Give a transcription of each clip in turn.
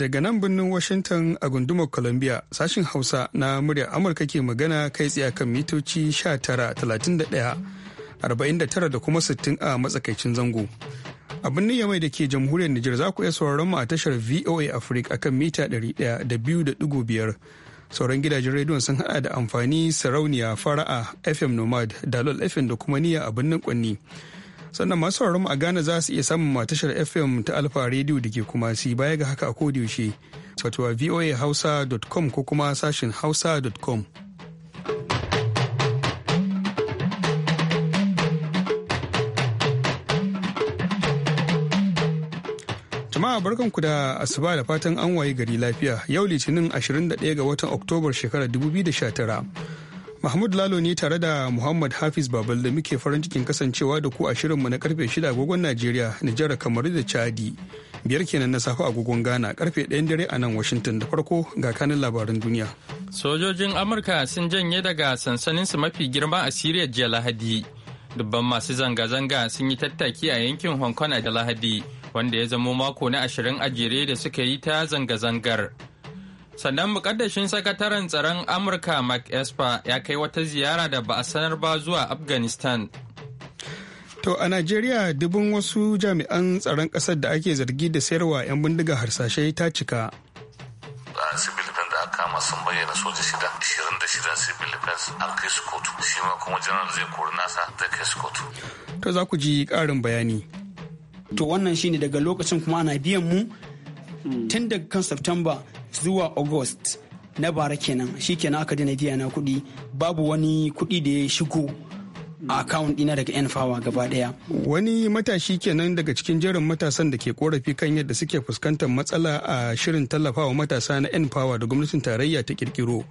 daga nan birnin Washington a gundumar Columbia sashin Hausa na muryar Amurka ke magana kai tsaye kan mitoci 19,31,49 da kuma 60 a matsakaicin zango. A birnin Yamai da ke jamhuriyar Nijar za ku iya sauraron mu a tashar VOA Africa akan mita 100.5 da biyar Sauran gidajen rediyon sun hada da amfani sarauniya fara'a FM Nomad, Dalol FM da kuma niyya a birnin Kwanni. sannan masu sauraron a Ghana za su iya samun tashar FM ta Alfa rediyo da ke kuma si baya ga haka a kodiyaushe fatuwa voahausa.com ko kuma sashin hausa.com. jama'a barkan ku da asuba da fatan an waye gari lafiya yau litinin 21 ga watan oktobar shekarar 2019 Mahmud Lalo ne tare da Muhammad Hafiz Babal da muke farin cikin kasancewa da ku a shirinmu na karfe 6 agogon Najeriya, Nijar, kamaru da Chadi. Biyar kenan na safe agogon Ghana karfe ɗayan dare a nan Washington da farko ga kanin labaran duniya. Sojojin Amurka sun janye daga sansaninsu mafi girma a Siriya jiya Lahadi. Dubban masu zanga-zanga sun yi tattaki a yankin Hong Kong a da Lahadi, wanda ya zamo mako na ashirin a jere da suka yi ta zanga-zangar. sannan mukaddashin sakataren tsaron amurka mark esper ya kai wata ziyara da ba a sanar ba zuwa afghanistan To a Najeriya dubin wasu jami'an tsaron kasar da ake zargi da sayarwa 'yan bindiga harsashe ta cika. A kama sun bayyana soja shida, ishirin da shida a kai su kuma janar zai kori nasa To za ku ji karin bayani. To wannan shine daga lokacin kuma ana biyan mu tun daga kan September zuwa august na bara kenan shi kenan aka daina biya na kuɗi babu wani kuɗi da ya shigo a account ɗina daga yan fawa gaba ɗaya. wani matashi kenan daga cikin jerin matasan da ke korafi kan yadda suke fuskantar matsala a shirin tallafawa matasa na yan fawa da gwamnatin tarayya ta kirkiro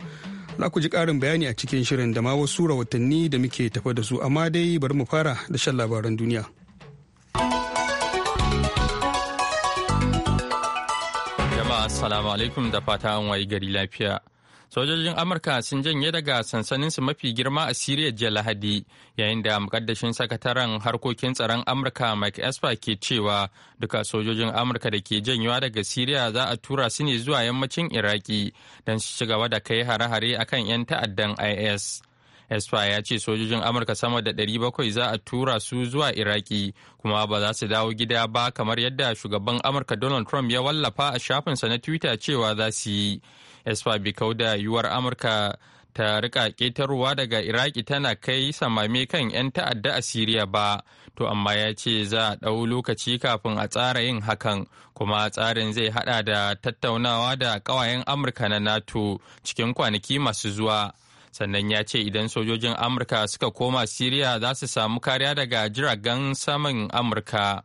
za ku ji karin bayani a cikin shirin da ma wasu rawatanni da muke tafa da su amma dai bari mu fara da shan labaran duniya. Assalamu alaikum da fata an wayi gari lafiya. Sojojin Amurka sun janye daga sansaninsu mafi girma a Siriya jiya Lahadi, yayin da mukaddashin sakataren harkokin tsaron Amurka Mike Esper ke cewa duka sojojin Amurka da ke janyewa daga Siriya za a tura su ne zuwa yammacin Iraki don su ci gaba da kai hare-hare akan 'yan ta'addan IS. espa ya ce sojojin amurka sama da 700 za a tura su zuwa iraki kuma ba za su dawo gida ba kamar yadda shugaban amurka donald trump ya wallafa a shafinsa na twitter cewa za su yi espa bikau da yuwar amurka ta rika ketarwa daga iraki tana kai samame kan 'yan ta'adda a siriya ba to amma ya ce za a ɗau lokaci kafin a tsara yin hakan kuma tsarin zai hada da tattaunawa da ƙawayen amurka na nato cikin kwanaki masu zuwa sannan ya ce idan sojojin amurka suka koma siriya za su samu kariya daga jiragen saman amurka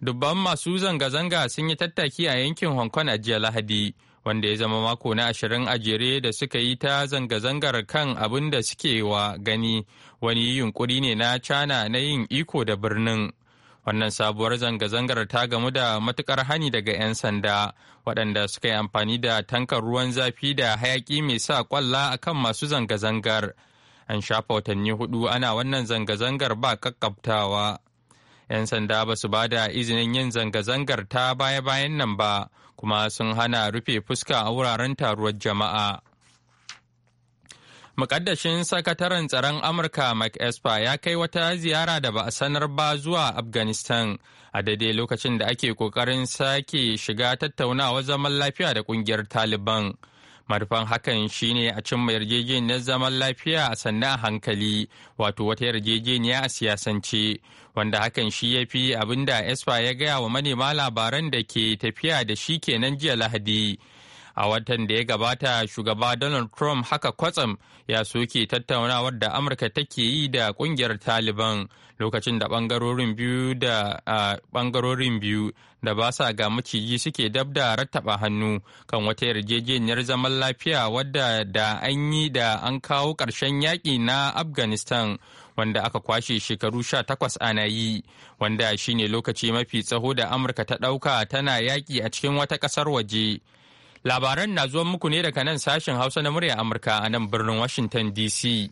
dubban masu zanga-zanga sun yi tattaki a yankin hong kong a jiya lahadi wanda ya zama mako na ashirin a jere da suka yi ta zanga-zangar kan abin da suke wa gani wani yunkuri ne na cana na yin iko da birnin Wannan sabuwar zanga-zangar ta gamu da matukar hani daga 'yan sanda waɗanda suka yi amfani da tankar ruwan zafi da hayaƙi mai sa kwalla kan masu zanga-zangar. An shafa watanni hudu ana wannan zanga-zangar ba kakkabtawa. 'Yan sanda ba su ba da izinin yin zanga-zangar ta baya-bayan nan ba, kuma sun hana rufe fuska a wuraren taruwar jama'a. Mukaddashin sakataren tsaron Amurka Mike Esper ya kai wata ziyara da ba a sanar ba zuwa Afghanistan a daidai lokacin da ake kokarin sake shiga tattaunawa zaman lafiya da kungiyar Taliban. Marfan hakan shine a cimma yarjejeniyar zaman lafiya a sannan hankali wato wata yarjejeniya a siyasance wanda hakan shi ya fi da espa ya gaya wa manema labaran da ke tafiya da shi kenan jiya Lahadi. A watan da ya gabata shugaba Donald Trump haka kwatsam ya soke tattaunawar da amurka take yi da kungiyar taliban lokacin da bangarorin biyu da bangarorin biyu da ba sa ga maciji suke dab da rattaba hannu kan wata yarjejeniyar zaman lafiya wadda da an yi da an kawo ƙarshen yaƙi na afghanistan wanda aka kwashe shekaru sha takwas ana yi wanda shine lokaci mafi tsaho da amurka ta ɗauka tana yaƙi a cikin wata ƙasar waje. Labaran na zuwa muku ne daga nan sashen Hausa na murya Amurka a nan birnin Washington DC.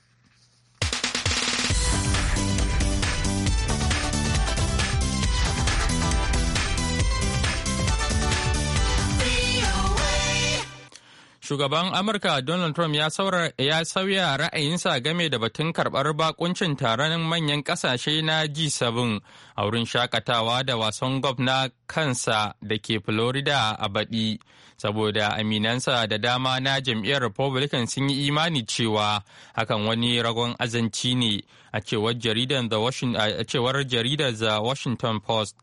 Shugaban Amurka Donald Trump ya sauya ra'ayinsa game da batun karɓar bakuncin taron manyan ƙasashe na G7 a wurin shakatawa da wasan golf na kansa da ke Florida a baɗi, saboda aminansa da dama na jam'iyyar Republican sun yi imani cewa hakan wani ragon azanci ne a cewar jaridar The Washington Post.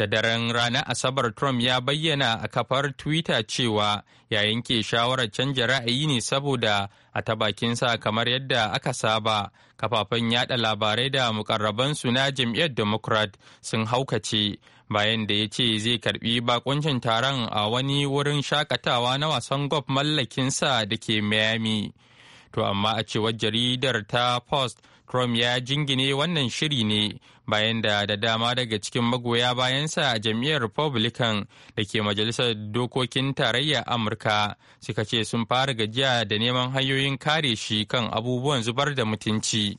Da daren ranar Asabar Trump ya bayyana a kafar Twitter cewa ya yanke shawarar canja ra'ayi ne saboda a ta sa kamar yadda aka saba kafafen yada labarai da mukarrabansu na jam'iyyar Democrat sun haukace bayan da ya ce zai karbi bakuncin taron a wani wurin shakatawa na wasan golf mallakinsa da ke Miami. To amma a cewar jaridar ta Post Crom ya jingine wannan shiri ne bayan da da dama daga cikin magoya bayansa a jam'iyyar Republican da ke Majalisar Dokokin Tarayya Amurka suka ce sun fara gajiya da neman hanyoyin kare shi kan abubuwan zubar da mutunci.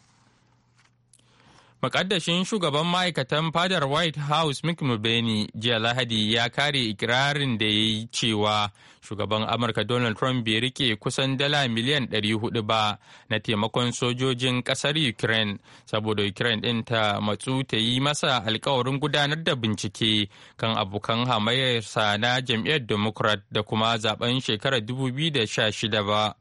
Makaddashin shugaban ma'aikatan fadar White House Mick Mulvaney jiya Lahadi ya kare ikirarin da ya yi cewa shugaban Amurka Donald Trump bai rike kusan dala miliyan 400 ba na taimakon sojojin kasar Ukraine saboda Ukraine ɗin ta matsu ta yi masa alkawarin gudanar da bincike kan abokan hamayarsa na jam'iyyar Democrat da kuma zaben shekarar 2016 ba.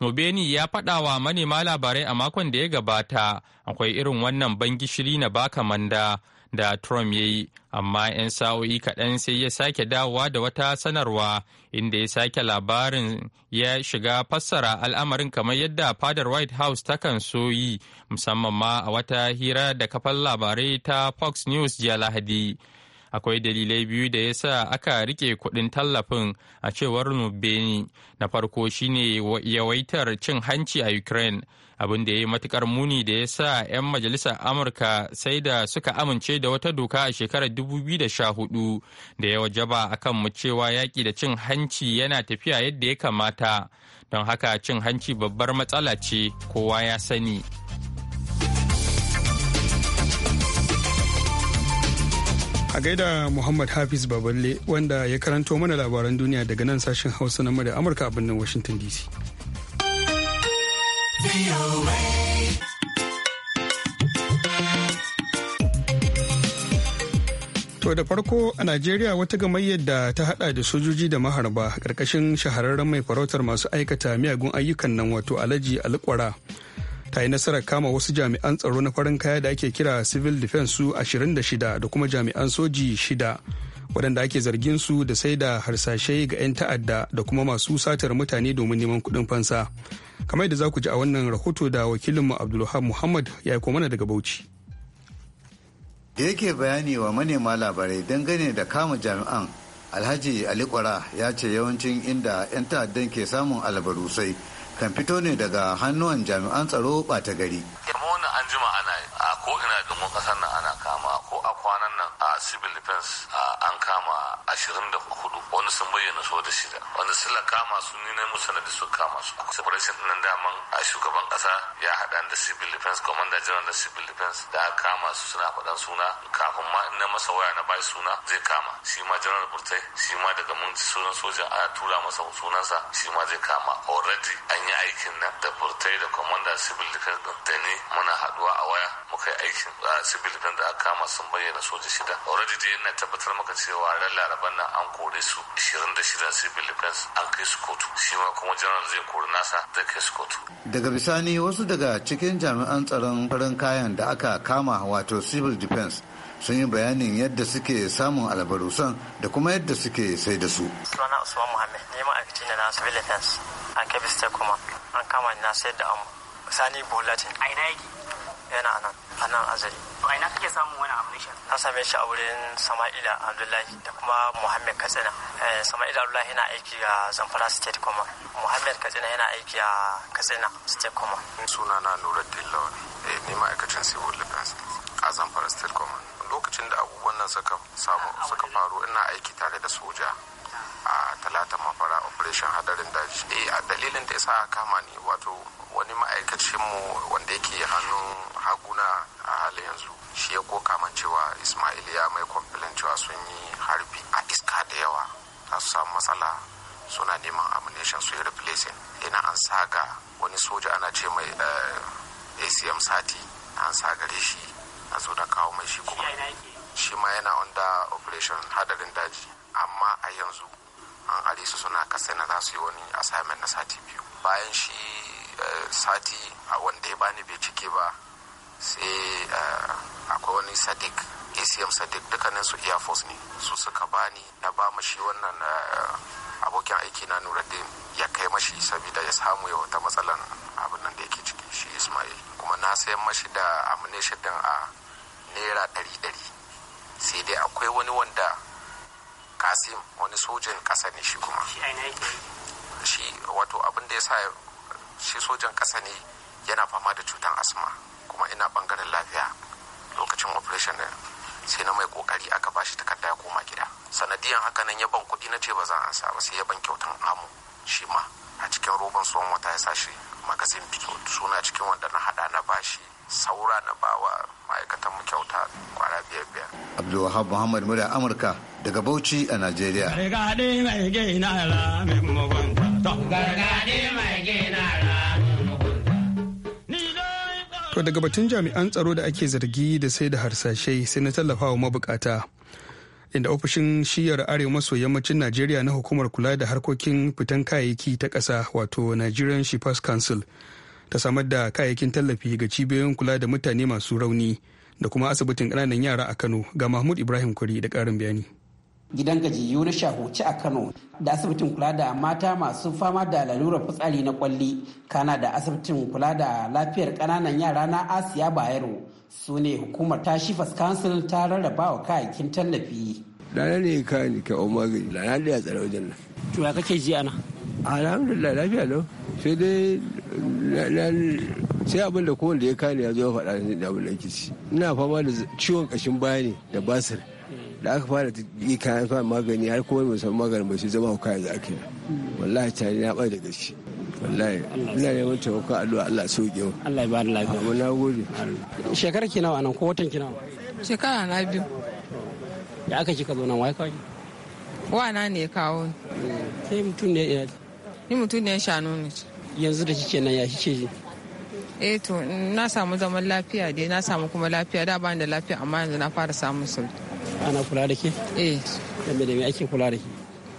nobeni ya faɗa wa manema labarai a makon da ya gabata akwai irin wannan ban gishiri na baka manda da Trump ya yi, amma 'yan sa'o'i kaɗan sai ya sake dawowa da wata sanarwa inda ya sake labarin ya shiga fassara al'amarin kamar yadda fadar White House takan so yi, musamman ma a wata hira da kafan labarai ta Fox News jiya Lahadi. akwai dalilai biyu da ya sa aka rike kuɗin tallafin a cewar Nubeni na farko shine yawaitar cin hanci a Ukraine abin da ya yi matukar muni da ya sa 'yan majalisar Amurka sai da suka amince da wata doka a shekarar 2014 da ya wajaba kan mu cewa yaƙi da cin hanci yana tafiya yadda ya kamata don haka cin hanci babbar matsala ce kowa ya sani. A gaida Muhammad Hafiz Baballe wanda ya karanto mana labaran duniya daga nan sashen Hausa na murya Amurka a birnin Washington DC. To da farko a Najeriya wata gamayyar da ta hada da sojoji da maharba karkashin shahararren mai farautar masu aikata miyagun ayyukan nan wato Alhaji Alkwara. ta yi nasarar kama wasu jami'an tsaro na farin kaya da ake kira civil defense su 26 da kuma jami'an soji shida waɗanda ake zargin su da sai da harsashe ga 'yan ta'adda da kuma masu satar mutane domin neman kuɗin fansa kamar da za ku ji a wannan rahoto da wakilinmu abdulhab muhammad ya yi mana daga bauchi da yake bayani wa manema labarai dangane da kama jami'an alhaji ali kwara ya ce yawancin inda 'yan ta'addan ke samun albarusai kan fito ne daga hannuwan jami'an tsaro ɓata gari. Mona an jima ana a ko ina dumin kasar nan ana kama ko a kwanan nan a civil defense an kama ashirin da wani sun bayyana su da shida wanda sila kama su ni na musana da su kama su separation nan daman a shugaban kasa ya hada da civil defense commander general da civil defense da kama su suna faɗan suna kafin ma in na masa waya na bai suna zai kama shi ma general burtai shi ma daga mun sunan sojan ana tura masa sunansa shi ma zai kama already an yi aikin nan da burtai da commander civil defense da ne muna haduwa a waya muka yi aikin a civil defense da aka kama sun bayyana soja shida already dai yana tabbatar maka cewa ran laraban nan an kore su su 26 civil defense an kai su kotu shi ma kuma general zai kori nasa da kai su kotu daga bisani wasu daga cikin jami'an tsaron farin kayan da aka kama wato civil defense sun yi bayanin yadda suke samun albarusan da kuma yadda suke sai da su. Suna Usman Muhammad, ne ma'aikaci ne na civil defense a Kebbi State kuma an kama ni na sayar da amu. Sani Bolatin. Aina yake? yana anan anan azali a ina kake samun wani abu na same shi a wurin sama'ila abdullahi da kuma muhammed katsina eh, sama'ila abdullahi yana aiki a zamfara state kuma muhammed katsina yana aiki a katsina state kuma suna na nurattin lawani eh, ni ma'aikacin civil defense a zamfara state command lokacin da abubuwan nan suka samu suka faru ina aiki tare da soja a talata mafara operation hadarin daji eh, a dalilin da ya sa kama ni wato wani ma'aikacinmu wanda yake hannun haguna a halin yanzu shi ya koka man cewa ismail ya mai kwamfilin cewa sun yi harbi a iska da yawa ta su samu matsala suna neman ammunition su yi replacing ina an saga wani soja ana ce mai eh, acm sati an sagare shi a zo da kawo mai shi kuma shi ma yana wanda operation hadarin daji amma a yanzu an ari su suna kasai na za su yi wani assignment na sati biyu bayan shi eh, sati a wanda ya bani bai cike ba sai eh, akwai wani sadiq acm sadiq dukkanin su air force ne su suka bani na ba mashi wannan eh, abokin aiki na nuruddin ya kai mashi saboda ya samu ya wata matsalan abin nan da yake cikin shi ismail kuma na sayan mashi da ammunition din a naira ɗari ɗari sai dai akwai wani wanda kasim wani sojan ƙasa ne shi kuma shi wato abin da ya sa shi sojan ƙasa ne yana fama da cutar asma kuma ina bangaren lafiya lokacin operation din sai na mai kokari aka ba shi takarda ya koma gida sanadiyan haka nan yaban kuɗi na ce ba zan asa ba sai yaban kyautan amu shi ma a cikin roban tsohon wata ya sa shi magazin fito suna cikin wanda na hada na bashi saura na bawa ma'aikatan mu kyauta kwara biyar biyar. Abdulwahab Muhammad Murya Amurka daga Bauchi a Najeriya. Gargaɗi mai gina ra mai mugunta. Gargaɗi mai gina ra daga batun jami'an tsaro da ake zargi da sai da harsashai sai na tallafawa mabukata. Inda ofishin shiyar arewa maso yammacin Najeriya na hukumar kula da harkokin fitan kayayyaki ta ƙasa wato Nigerian Shippers Council ta samar da kayayyakin tallafi ga cibiyoyin kula da mutane masu rauni da kuma asibitin ƙananan yara a Kano ga Mahmud Ibrahim Kuri da ƙarin bayani. gidan gajiyu na shahuci a kano da asibitin kula da mata masu fama da lalurar fitsari na kwalli kana da asibitin kula da lafiyar ƙananan yara na asiya bayero su ne hukumar ta shifas council ta rarraba wa kayayyakin tallafi dana ne ka ni ka umar da na da tsare wajen nan to ya kake ji ana alhamdulillah lafiya lau sai dai sai abin da kowanne ya kani ya zo ya faɗa da abin da ina fama da ciwon ƙashin baya ne da basir da aka fara yi kayan fara magani har kuma mai san magani ba shi zama hauka yanzu ake wallahi tare na bai da gaske wallahi ina neman taimakon addu'a Allah so ke Allah ya ba da lafiya amma na gode shekara ki nawa nan ko watan ki nawa shekara na biyu da aka kika zo nan wai kawai wa na ne kawo sai mutum ne ina eh, ni mutum ne shanu ne yanzu da kike nan ya kike ji eh to na samu zaman lafiya dai na samu kuma lafiya da bani da lafiya amma yanzu na fara samun sauki ana kula da ke eh da da me ake kula da ke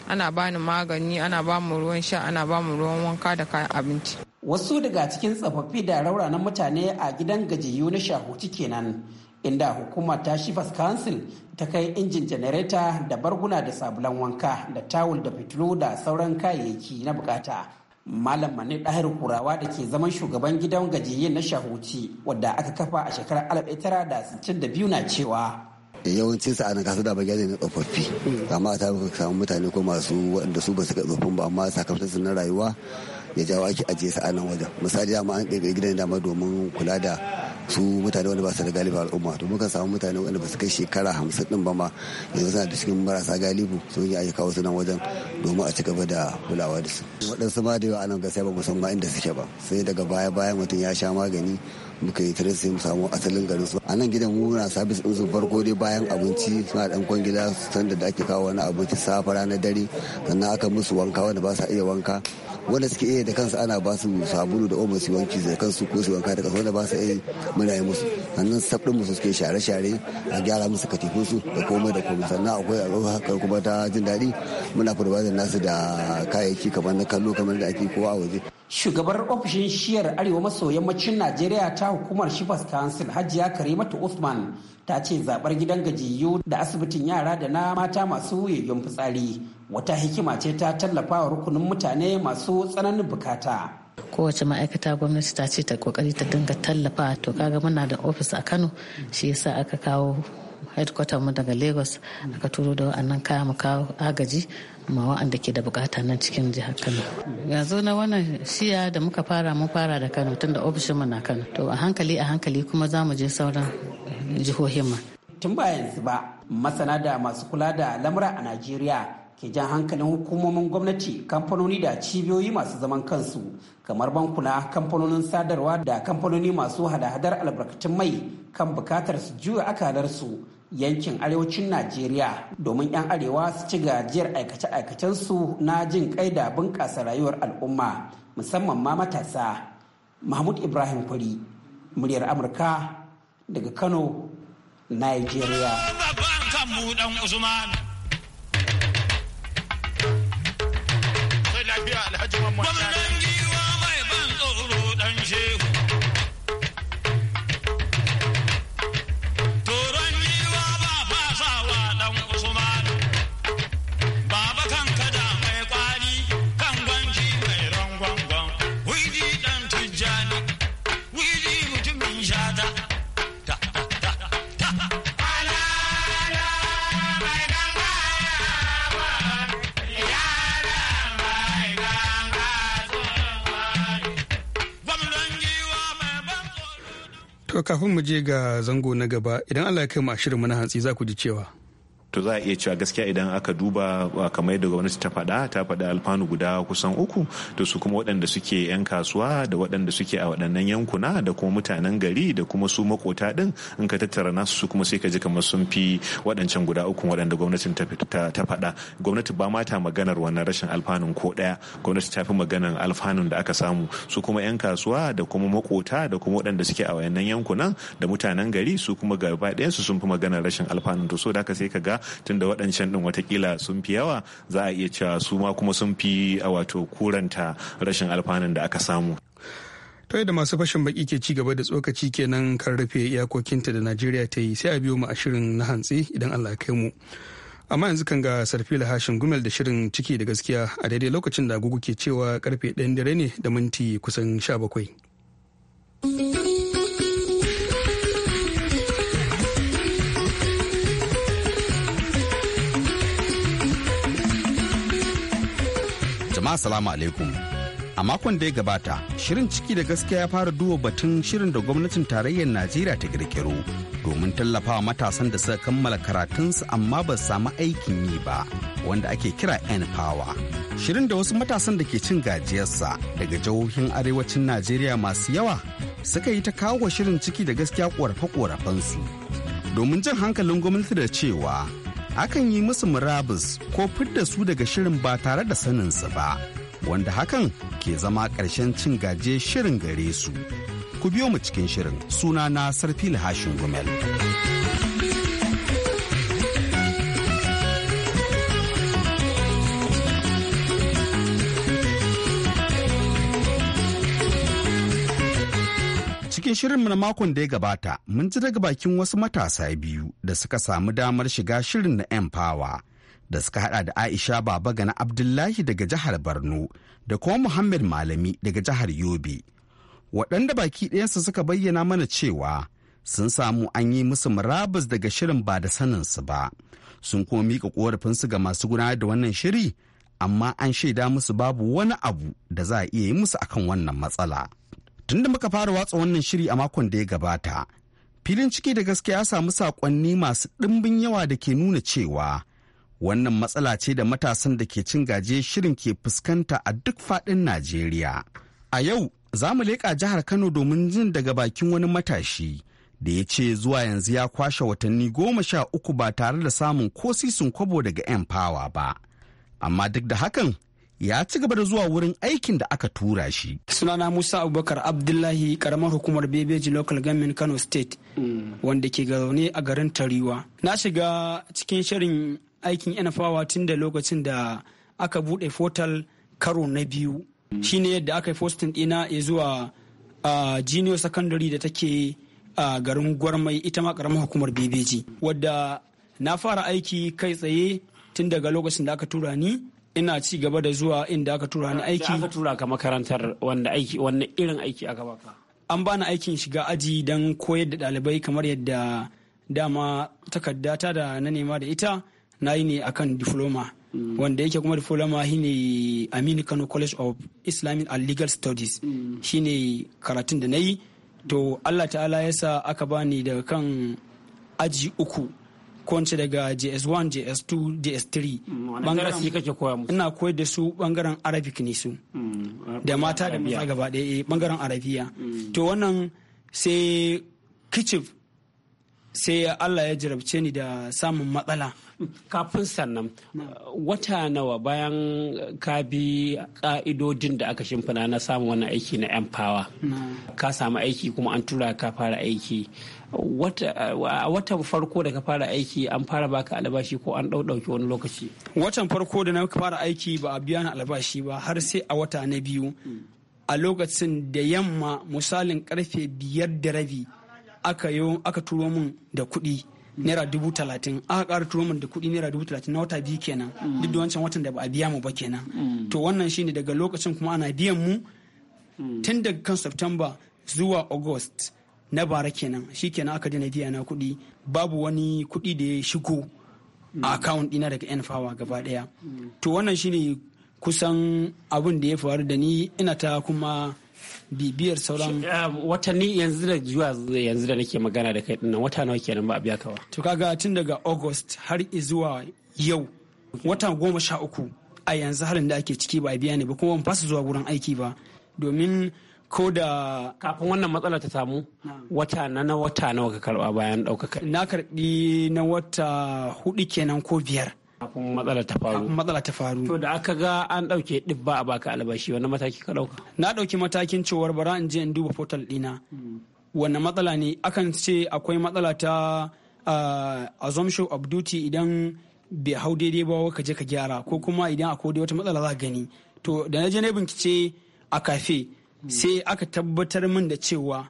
ana bani magani ana ba mu ruwan sha ana ba mu ruwan wanka da kayan abinci wasu daga cikin tsofaffi da rauranan mutane a gidan gajiyu na shahuci kenan inda hukumar ta shifas council ta kai injin janareta da barguna da sabulan wanka da tawul da fitilu da sauran kayayyaki na bukata Malam Mani Ɗahir Kurawa da ke zaman shugaban gidan gajiyin na Shahuci wadda aka kafa a shekarar 1962 na cewa yawancin sa ana kasu da ba ne tsofaffi mm. amma a taruka samu mutane ko masu waɗanda su ba su ga tsofaffin ba amma sakamakon su na rayuwa ya jawo ake ajiye su a nan wajen misali dama an ƙirƙiri gidan dama domin kula da su mutane wanda ba su da galibi al'umma to muka samu mutane wanda ba su kai shekara hamsin din ba ma yanzu suna da cikin marasa galibu sun yi aiki kawo su nan wajen domin a ci gaba da kulawa da su waɗansu ma da yawa anan gasa ba musamman inda suke ba sai daga baya baya mutum ya sha magani muka yi tare mu samu asalin garin su a nan gidan mu na sabis din su farko dai bayan abinci suna dan kwangila san da ake kawo wani abinci safara na dare sannan aka musu wanka wanda ba sa iya wanka wanda suke iya da kansu ana ba su sabulu da omo su wanki da kansu ko su wanka da kansu wanda ba su iya muna yi musu sannan sabɗin musu suke share-share a gyara musu katifun su da komai da komai sannan akwai a haka kuma ta jin daɗi muna furbatin nasu da kayayyaki kamar na kallo kamar da ake kowa a waje shugabar ofishin shiyar arewa maso yammacin najeriya ta hukumar shifas council hajiya karimatu usman ta ce zabar gidan gajiyu da asibitin yara da na mata masu yayyun fitsari wata hikima ce ta tallafa wa rukunin mutane masu tsananin bukata kowace ma'aikata gwamnati ta ce ta kokari ta dinga tallafa to kaga muna da ofis a kano shi yasa aka kawo headquarter mu daga lagos aka turo da wa'annan kaya mu kawo agaji ma wa'anda ke da bukata nan cikin jihar Kano. Yanzu na wannan shiya da muka fara mun fara da Kano tunda ofishin mu na Kano. To a hankali a hankali kuma za mu je sauran eh, jihohin mu Tun ba yanzu ba masana da masu kula da lamura a Najeriya ke jan hankalin hukumomin gwamnati kamfanoni da cibiyoyi masu zaman kansu kamar bankuna kamfanonin sadarwa da kamfanoni masu hada-hadar albarkatun mai kan bukatar su juya akalarsu yankin arewacin Najeriya domin 'yan arewa su ci gajiyar aikace-aikacensu na jin kai da bunƙasa rayuwar al'umma musamman ma matasa. Mahmud Ibrahim Kwari, muryar Amurka daga Kano, Nigeria. Gwamnati To kafin mu je ga zango na gaba idan Allah ya kai mu a shirin na hantsi za ku ji cewa. to za a iya cewa gaskiya idan aka duba kamar yadda gwamnati ta faɗa ta faɗa alfanu guda kusan uku to su kuma waɗanda suke 'yan kasuwa da waɗanda suke a waɗannan yankuna da kuma mutanen gari da kuma su makota ɗin in ka tattara nasu su kuma sai ka ji kamar sun fi waɗancan guda uku waɗanda gwamnatin ta faɗa gwamnati ba ma ta maganar wannan rashin alfanun ko ɗaya gwamnati ta fi maganar alfanun da aka samu su kuma 'yan kasuwa da kuma makota da kuma waɗanda suke a waɗannan yankunan da mutanen gari su kuma gaba ɗayansu sun fi maganar rashin alfanun to so da ka sai ka ga tunda waɗancan ɗin watakila sun fi yawa za a iya cewa su ma kuma sun fi a wato kuranta rashin alfanun da aka samu ta yadda masu fashin baki ke ci gaba da tsokaci kenan kan rufe iyakokinta da najeriya ta yi sai a biyo mu a shirin na hantsi idan allah kai mu amma yanzu kan ga sarfila hashin gumel da shirin ciki da gaskiya a daidai lokacin da agogo ke cewa karfe ɗayan dare ne da minti kusan sha bakwai. amma alaikum. A makon da ya gabata, shirin ciki da gaskiya ya fara duba batun shirin da gwamnatin tarayyar Najeriya ta kirkiro domin tallafawa matasan da suka kammala karatunsu amma ba su samu aikin yi ba, wanda ake kira N-Power. Shirin da wasu matasan da ke cin gajiyarsa daga jihohin arewacin Najeriya masu yawa suka yi ta kawo shirin ciki da gaskiya korafe-korafensu. Domin jan hankalin gwamnati da cewa akan yi musu murabus ko fidda su daga shirin ba tare da saninsu ba wanda hakan ke zama ƙarshen cin gaje shirin gare su ku biyo mu cikin shirin suna na sarfil hashin gumel. cikin shirinmu na makon da ya gabata, mun ji daga bakin wasu matasa biyu da suka samu damar shiga shirin na Empower da suka hada da Aisha Baba Gana Abdullahi daga jihar Borno da kuma Muhammad Malami daga jihar Yobe. Waɗanda baki ɗayansu suka bayyana mana cewa sun samu an yi musu murabus daga shirin ba da sanin su ba. Sun kuma miƙa su ga masu gudanar da wannan shiri, amma an shaida musu babu wani abu da za a iya yi musu akan wannan matsala. da muka fara watsa wannan shiri a makon da ya gabata, filin ciki da gaske ya samu saƙonni masu ɗimbin yawa da ke nuna cewa wannan matsala ce da matasan da ke cin gaje shirin ke fuskanta a duk faɗin Najeriya. A yau za mu leƙa jihar Kano domin jin daga bakin wani matashi da ya ce zuwa yanzu ya kwashe watanni goma sha uku ba tare da samun ko sisin kwabo daga 'yan fawa ba. Amma duk da hakan ya ci gaba da zuwa wurin aikin da aka tura shi. Sunana Musa Abubakar Abdullahi karamar hukumar Bebeji Local Government Kano State wanda ke zaune a garin Tariwa. Na shiga cikin shirin aikin NFAWA tun da lokacin da aka buɗe fotal karo na biyu. Shi ne yadda aka yi fostin ɗina ya zuwa junior secondary da take a garin Gwarmai ita ma karamar hukumar Bebeji wadda na fara aiki kai tsaye tun daga lokacin da aka tura ni ina ci gaba da zuwa inda aka tura ni aiki aka tura ka makarantar wanda aiki irin aiki aka baka an bani aikin shiga aji don koyar da ɗalibai kamar yadda dama takarda ta da na nema da ita na yi ne akan diploma mm. wanda yake kuma diploma shine Aminu Kano College of Islamic and Legal Studies mm. shine karatun da na yi to Allah ta'ala ya sa aka bani daga kan aji uku ko daga js1 js2 js3 bangaren su kake koya musu ina koyar da su bangaren arabic ne su mm, da mata da maza gaba ɗaya eh, bangaren arabiya mm. to wannan sai kicif sai allah ya jarabce ni da samun matsala kafin sannan wata nawa bayan ka bi ka'idodin da aka shimfina na samun wannan aiki na yan fawa ka samu aiki kuma an tura ka fara aiki a watan farko da ka fara aiki an fara baka albashi ko an ɗauɗauki wani lokaci watan farko da na fara aiki ba a biya ni albashi ba har sai a wata na biyu a lokacin da yamma misalin karfe biyar da rabi aka yi aka turo min da kuɗi naira dubu talatin aka ƙara turo min da kuɗi naira dubu talatin na wata biyu kenan duk da wancan watan da ba a biya mu ba kenan to wannan shine daga lokacin kuma ana biyan mu tun daga kan september zuwa august na bara kenan shikenan aka daina biya na kuɗi babu wani kuɗi da ya shigo a account ɗina daga yan fawa gaba ɗaya to wannan shine kusan abin da ya faru da ni ina ta kuma bibiyar sauran uh, watanni yanzu da zuwa yanzu da nake magana da kai dinnan wata nawa kenan ba a biya kawa to kaga tun daga august har zuwa yau wata goma sha uku a yanzu halin da ake ciki ba a biya ne ba kuma ban fasa zuwa wurin aiki ba domin ko da kafin wannan matsala ta samu wata na na wata nawa ka karba bayan ɗaukaka na karbi na wata hudu kenan ko biyar kafin matsala ta faru kafin matsala ta faru to da aka ga an dauke ba a baka albashi wani mataki ka dauka na dauki matakin cewar bara in je in duba portal dina hmm. Wani matsala ne akan ce akwai matsala ta assumption of duty idan bai hau daidai ba ka je ka gyara ko kuma idan akwai wata matsala za gani to da na je na bincike a kafe sai aka tabbatar min da cewa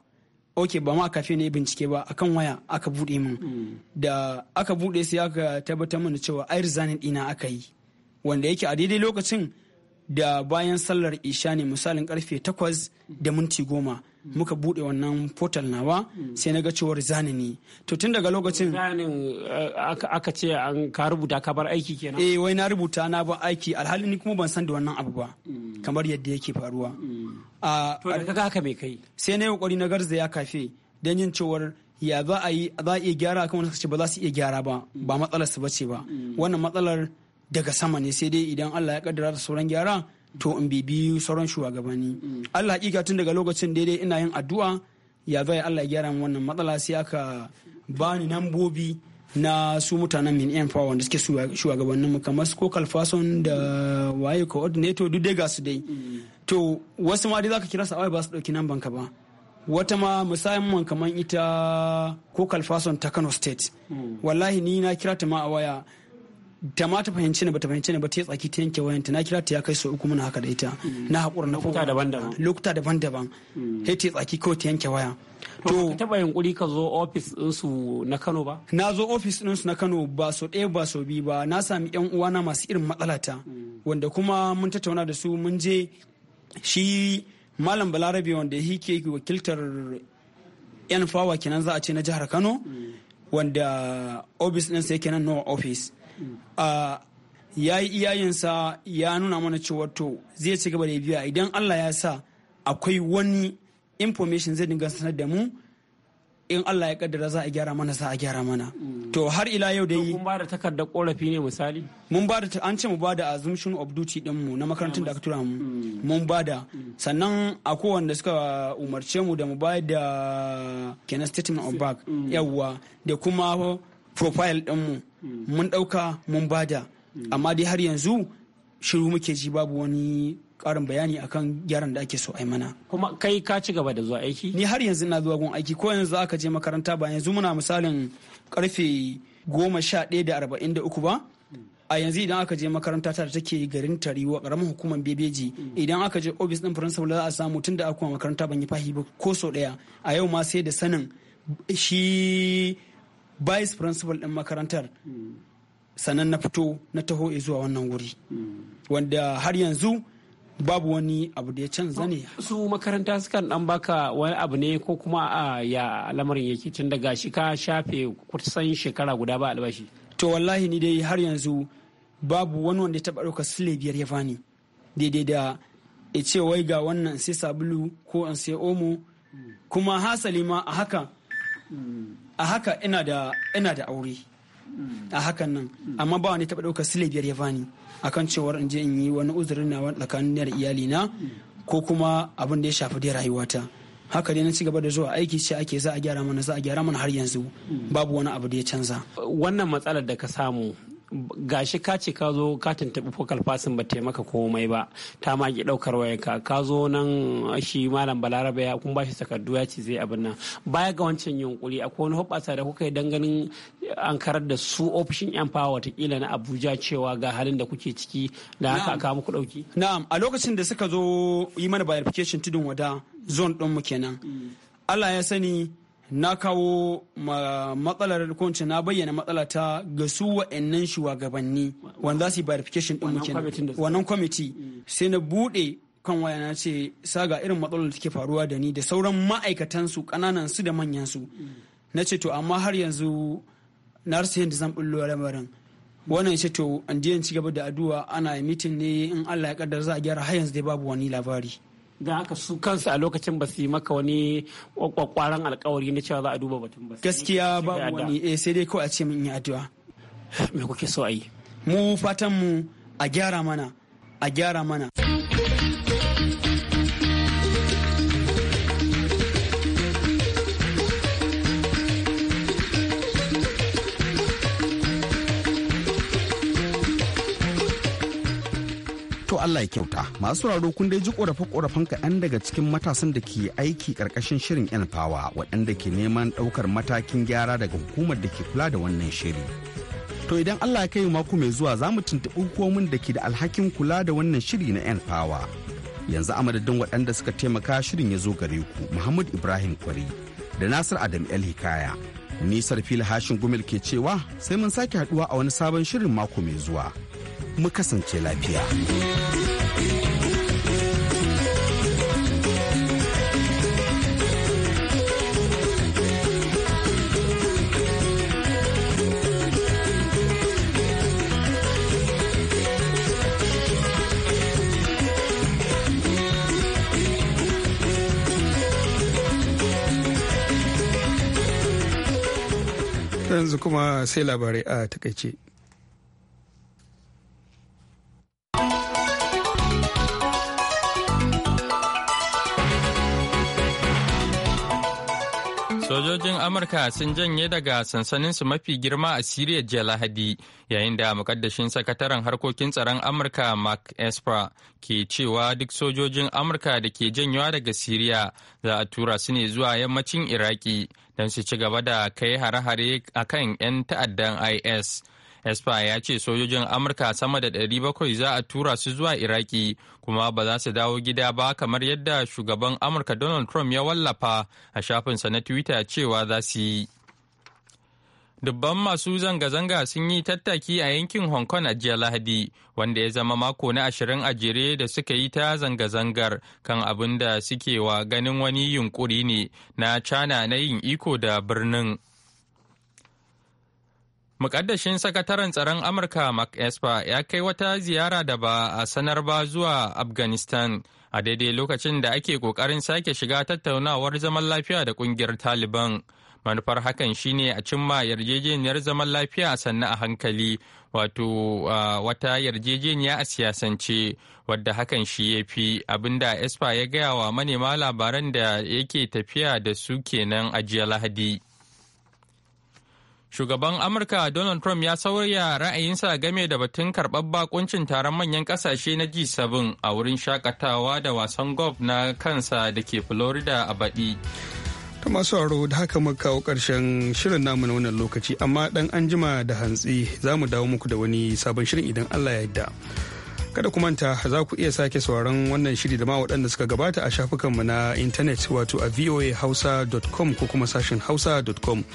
oke ba ma kafe ne bincike ba akan waya aka bude min da aka bude sai aka tabbatar min da cewa ai rizanin dina aka yi wanda yake a daidai lokacin da bayan sallar isha ne misalin karfe takwas da minti goma muka bude wannan portal nawa sai na ga cewar zane ne to tun daga lokacin zanin eh, aka ce an ka rubuta ka bar aiki kenan eh wai na rubuta na bar aiki alhali ni kuma ban san da wannan abu ba mm. kamar yadda yake faruwa mm. ah, to da kaga haka me kai sai na yi kokari na garzaya kafe Dan yin cewar ya za a yi za a iya gyara kan wani ce ba za su iya gyara ba ba matsalar su bace ba mm. wannan matsalar daga sama ne sai dai idan Allah ya kaddara da sauran gyara to in bibi sauran shugabanni mm. Allah hakika tun daga lokacin daidai ina yin addu'a ya zai Allah gyara min wannan matsala sai aka bani nambobi na su mutanen min yan fawa wanda suke mu. kamar su kokal fason da waye coordinator duk dai gasu dai mm. to wasu ma dai zaka kira su awai ba su dauki namban ka ba wata ma musamman kamar ita kokal fason ta Kano state mm. wallahi ni na kira ta ma a waya ta ma ta fahimci ni ba ta fahimci ni ba ta yi tsaki ta yanke wayanta na kira ta ya kai sau uku muna haka da ita na haƙura na lokuta daban-daban lokuta daban-daban hmm. sai ta yi tsaki kawai ta yanke waya to ka taɓa yunƙuri ka zo ofis ɗinsu na Kano ba na zo ofis ɗinsu na Kano ba so ɗaya ba so biyu ba na sami ƴan uwana masu irin matsalata hmm. wanda kuma mun tattauna da su mun je shi malam balarabe wanda yake wakiltar yan fawa kenan za a ce na jihar Kano hmm. wanda ofis ɗinsa yake nan no office ya yi iyayensa ya nuna mana cewa to zai ci gaba da biya idan allah ya sa akwai wani information zai dinga sanar da mu in allah ya kaddara za a gyara mana za a gyara mana mm. to har ila yau dai mun ba da takardar korafi ne misali mun ba da an ce mu ba da assumption of duty din mu na makarantar da aka tura mu mm. mun ba da mm. sannan akwai wanda suka umarce mu da mu ba da kenan statement of back yawwa da kuma profile din mu Mm. mun ɗauka mun bada mm. amma dai har yanzu shiru muke ji babu wani karin bayani akan gyaran da ake so ai mana kuma kai ka ci gaba da zuwa aiki ni har yanzu na zuwa gun aiki ko yanzu aka je makaranta ba yanzu muna misalin karfe goma sha ɗaya da arba'in da uku ba a yanzu idan aka je makaranta ta da take garin tariwa karamin hukumar bebeji mm. idan aka je ofis din principal za a samu tun da aka makaranta ban yi fahi ba ko so ɗaya a yau ma sai da sanin shi vice principal ɗin makarantar sannan na fito na taho zuwa wannan wuri wanda har yanzu babu wani abu da ya canza ne su makaranta sukan dan baka wani abu ne ko kuma a ya lamarin yake tun daga shi ka shafe kusan shekara guda ba albashi to wallahi ni dai har yanzu babu wani wanda ya taba ɗaukar sule biyar ya fani daidai da ya ce wai ga wannan sai sabulu ko an sai omo kuma hasali ma a haka a haka ina da aure a hakan nan amma ba wani taɓa ɗaukar sile biyar ya bani akan cewar in je in yi wani uzurin na wani tsakanin da iyali na ko kuma abin da ya shafi dai rayuwata haka dai na ci gaba da zuwa aiki ce ake za a gyara mana za a gyara mana har yanzu babu wani abu da ya canza wannan matsalar da ka samu gashi ka ce ka zo ka tuntuɓi focal fasin ba taimaka komai ba ta ma ki ɗaukar wayanka ka zo nan shi malam balarabe ya kun bashi takardu ya ce zai abin nan baya ga wancan yunkuri akwai wani hoɓɓasa da kuka yi ganin an karar da su ofishin yan fawa watakila na abuja cewa ga halin da kuke ciki da haka aka muku ɗauki. na'am a lokacin da suka zo yi mana verification tudun wada zone ɗinmu kenan mm. allah ya sani na kawo matsalar ko na bayyana matsala ta ga su wa'annan shugabanni wanda za su yi verification din muke wannan kwamiti mm. sai na bude kan waya na ce saga irin matsalar da take faruwa da ni da sauran ma'aikatan su kananan su da manyan su mm. na ce to amma har yanzu na rasa yadda zan bullo lamarin wannan ce to an ci gaba da addu'a ana mitin ne in Allah ya kaddara za a gyara har yanzu dai babu wani labari da haka su kansu a lokacin ba su yi maka wani kwakwaran alkawari na cewa za a duba batun ba gaskiya ba wani eh sai dai kawai a ce min yi addu'a me kuke so a yi mu fatan mu a gyara mana a gyara mana Allah ya kyauta masu sauraro kun dai ji korafe korafen kaɗan daga cikin matasan da ke aiki ƙarƙashin shirin yan fawa waɗanda ke neman ɗaukar matakin gyara daga hukumar da ke kula da wannan shiri. To idan Allah ya kai mako mai zuwa za mu tuntuɓi hukumomin da ke da alhakin kula da wannan shiri na yan fawa. Yanzu a madadin waɗanda suka taimaka shirin ya zo gare ku Muhammad Ibrahim Kwari da Nasir Adam El Hikaya. Nisar fil hashin gumel ke cewa sai mun sake haɗuwa a wani sabon shirin mako mai zuwa. mu kasance lafiya. yanzu kuma sai labarai a takaice. Sojojin Amurka sun janye daga sansaninsu mafi girma a Siriya jiya Lahadi, yayin da mukaddashin sakataren harkokin tsaron Amurka Mark Esper ke cewa duk sojojin Amurka da ke janyewa daga Siriya za a tura su ne zuwa yammacin Iraki don su ci gaba da kai hare-hare a kan 'yan ta'addan IS. espa ya ce sojojin amurka sama da 700 za a tura su zuwa iraki kuma ba za su dawo gida ba kamar yadda shugaban amurka donald trump ya wallafa a shafinsa na twitter cewa za su yi dubban masu zanga-zanga sun yi tattaki a yankin hong kong a jiya lahadi wanda ya zama mako na ashirin a jere da suka yi ta zanga-zangar kan abin da suke wa ganin wani yunkuri ne na china na yin iko da birnin Mukaddashin sakataren tsaron Amurka Mark Esper ya kai wata ziyara da ba a sanar ba zuwa Afghanistan a daidai lokacin da ake kokarin sake shiga tattaunawar zaman lafiya da kungiyar Taliban. Manufar hakan shine a cimma yarjejeniyar zaman lafiya sannan a hankali wato wata yarjejeniya a siyasance wadda hakan shi ya fi abinda Esper ya gaya wa manema labaran da yake tafiya da su kenan a jiya Lahadi. Shugaban Amurka Donald Trump ya sauya ra'ayinsa game da batun karɓar bakuncin taron manyan ƙasashe na G7 a wurin shakatawa da wasan golf na kansa da ke Florida a baɗi. ta masu aro da haka muka kawo ƙarshen shirin namu na wannan lokaci amma ɗan an jima da hantsi za mu dawo muku da wani sabon shirin idan Allah ya yarda. Kada ku manta za ku iya sake sauraron wannan shiri da ma waɗanda suka gabata a shafukanmu na intanet wato a voahausa.com ko kuma sashen hausa.com.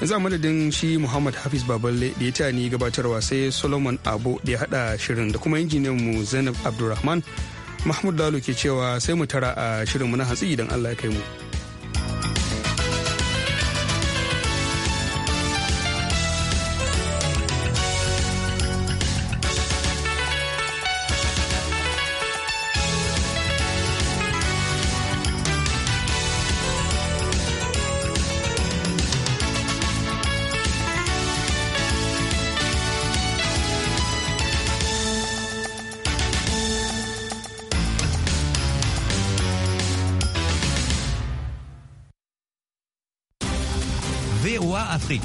yanzu madadin shi muhammad hafiz baballe da ya ta ni gabatarwa sai solomon abu da ya haɗa shirin da kuma injiniyan mu zainab abdulrahman mahmud lalo ke cewa sai mu tara a shirin mu na hatsi idan allah ya kai mu.